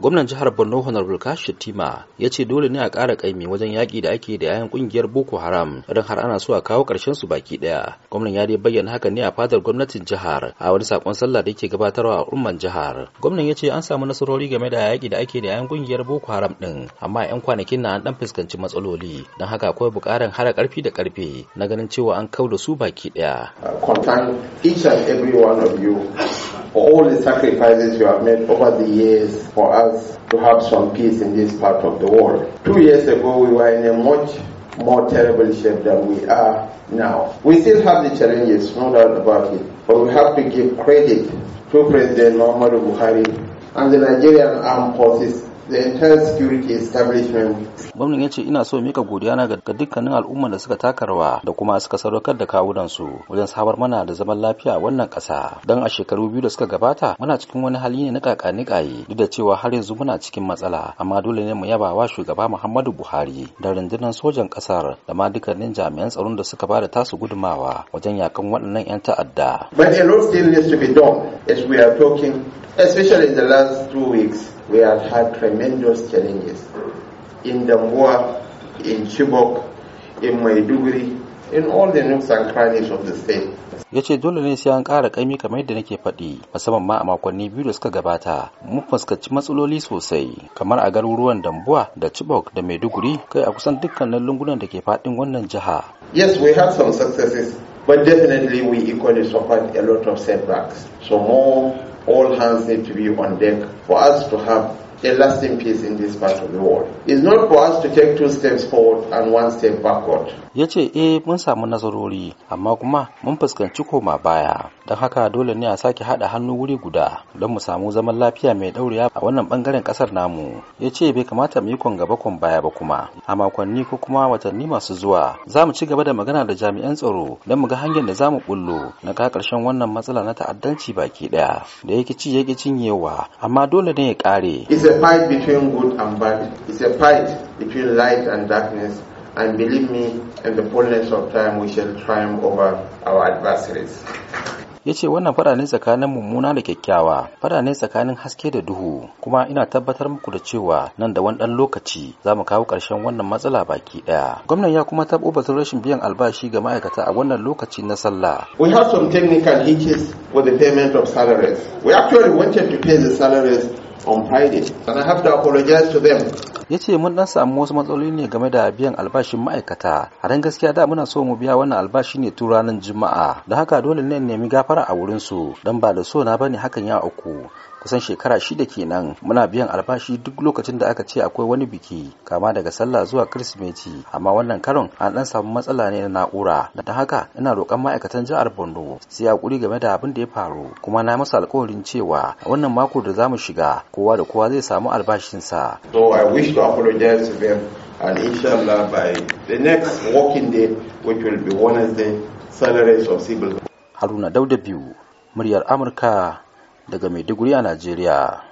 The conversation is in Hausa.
gwamnan jihar borno honorable kashi tima ya ce dole ne a ƙara ƙaimi wajen yaƙi da ake da yayan ƙungiyar boko haram idan har ana so a kawo ƙarshen su baki ɗaya gwamnan ya dai bayyana haka ne a fadar gwamnatin jihar a wani sakon sallah da yake gabatarwa a umman jihar gwamnan ya ce an samu nasarori game da yaƙi da ake da yayan ƙungiyar boko haram ɗin amma yan kwanakin na an ɗan fuskanci matsaloli don haka akwai buƙatar hara ƙarfi da ƙarfe na ganin cewa an kau da su baki ɗaya. for all the sacrifices you have made over the years for us to have some peace in this part of the world. Two years ago, we were in a much more terrible shape than we are now. We still have the challenges, no doubt about it, but we have to give credit to President Muhammadu Buhari and the Nigerian armed forces. Gwamnan ya ce ina so mika godiya na ga dukkanin al'ummar da suka taka rawa da kuma suka sadaukar da kawudansu wajen sabar mana da zaman lafiya wannan ƙasa. Don a shekaru biyu da suka gabata muna cikin wani hali ne na kakanikaye duk da cewa har yanzu muna cikin matsala amma dole ne mu yaba wa shugaba Muhammadu Buhari da rundunar sojan ƙasar da ma dukkanin jami'an tsaron da suka bada tasu gudumawa wajen yakan waɗannan 'yan ta'adda. But a lot to be done as we are talking especially in the last two weeks, we have had tremendous challenges in Dambua, in Chibok, in Maiduguri, in all the nooks and crannies of the state. ya ce dole ne sai an kara kaimi kamar yadda nake faɗi musamman ma a makonni biyu da suka gabata mun fuskanci matsaloli sosai kamar a garuruwan dambuwa da chibok da maiduguri kai a kusan dukkanin lungunan da ke faɗin wannan jiha yes we had some successes But definitely we equally suffered a lot of setbacks. So more all hands need to be on deck for us to have a lasting peace in this part of the world. It's not for us to take two steps forward and one step backward. Ya ce, eh mun samu nasarori, amma kuma mun fuskanci koma baya. Don haka dole ne a sake haɗa hannu wuri guda don mu samu zaman lafiya mai ɗaurewa a wannan ɓangaren ƙasar namu. Ya ce bai kamata mu yi kwan gaba baya ba kuma. A makonni ko kuma watanni masu zuwa, za mu ci gaba da magana da jami'an tsaro don mu ga hanyar da za mu bullo na ka ƙarshen wannan matsala na ta'addanci baki ɗaya. Da yake ci ki cinyewa, amma dole ne ya ƙare. a fight between good and bad. It's a fight between light and darkness. And believe me, in the fullness of time, we shall triumph over our adversaries. ya ce wannan fada ne tsakanin mummuna da kyakkyawa fada ne tsakanin haske da duhu kuma ina tabbatar muku da cewa nan da wani lokaci za mu kawo ƙarshen wannan matsala baki ɗaya gwamnan ya kuma tabo batun rashin biyan albashi ga ma'aikata a wannan lokaci na sallah we have some technical hitches with the payment of salaries we actually wanted to pay the salaries on Friday and I have to apologize to them. yace mun dan samu wasu matsaloli ne game da biyan albashin ma'aikata a ran gaskiya da muna so mu biya wannan albashi ne tun ranar juma'a da haka dole ne nemi gafara a wurin su dan ba da so na bane hakan ya uku kusan shekara shida kenan muna biyan albashi duk lokacin da aka ce akwai wani biki kama daga sallah zuwa kirsimeti amma wannan karon an dan samu matsala ne na na'ura da haka ina roƙon ma'aikatan jihar Borno su hakuri game da abin da ya faru kuma na yi masa alƙawarin cewa a wannan mako da za mu shiga kowa da kowa zai samu albashinsa so i wish to apologize to them and inshallah by the next working day which will be wednesday salaries of civil haruna dauda biyu muryar amurka daga maiduguri a najeriya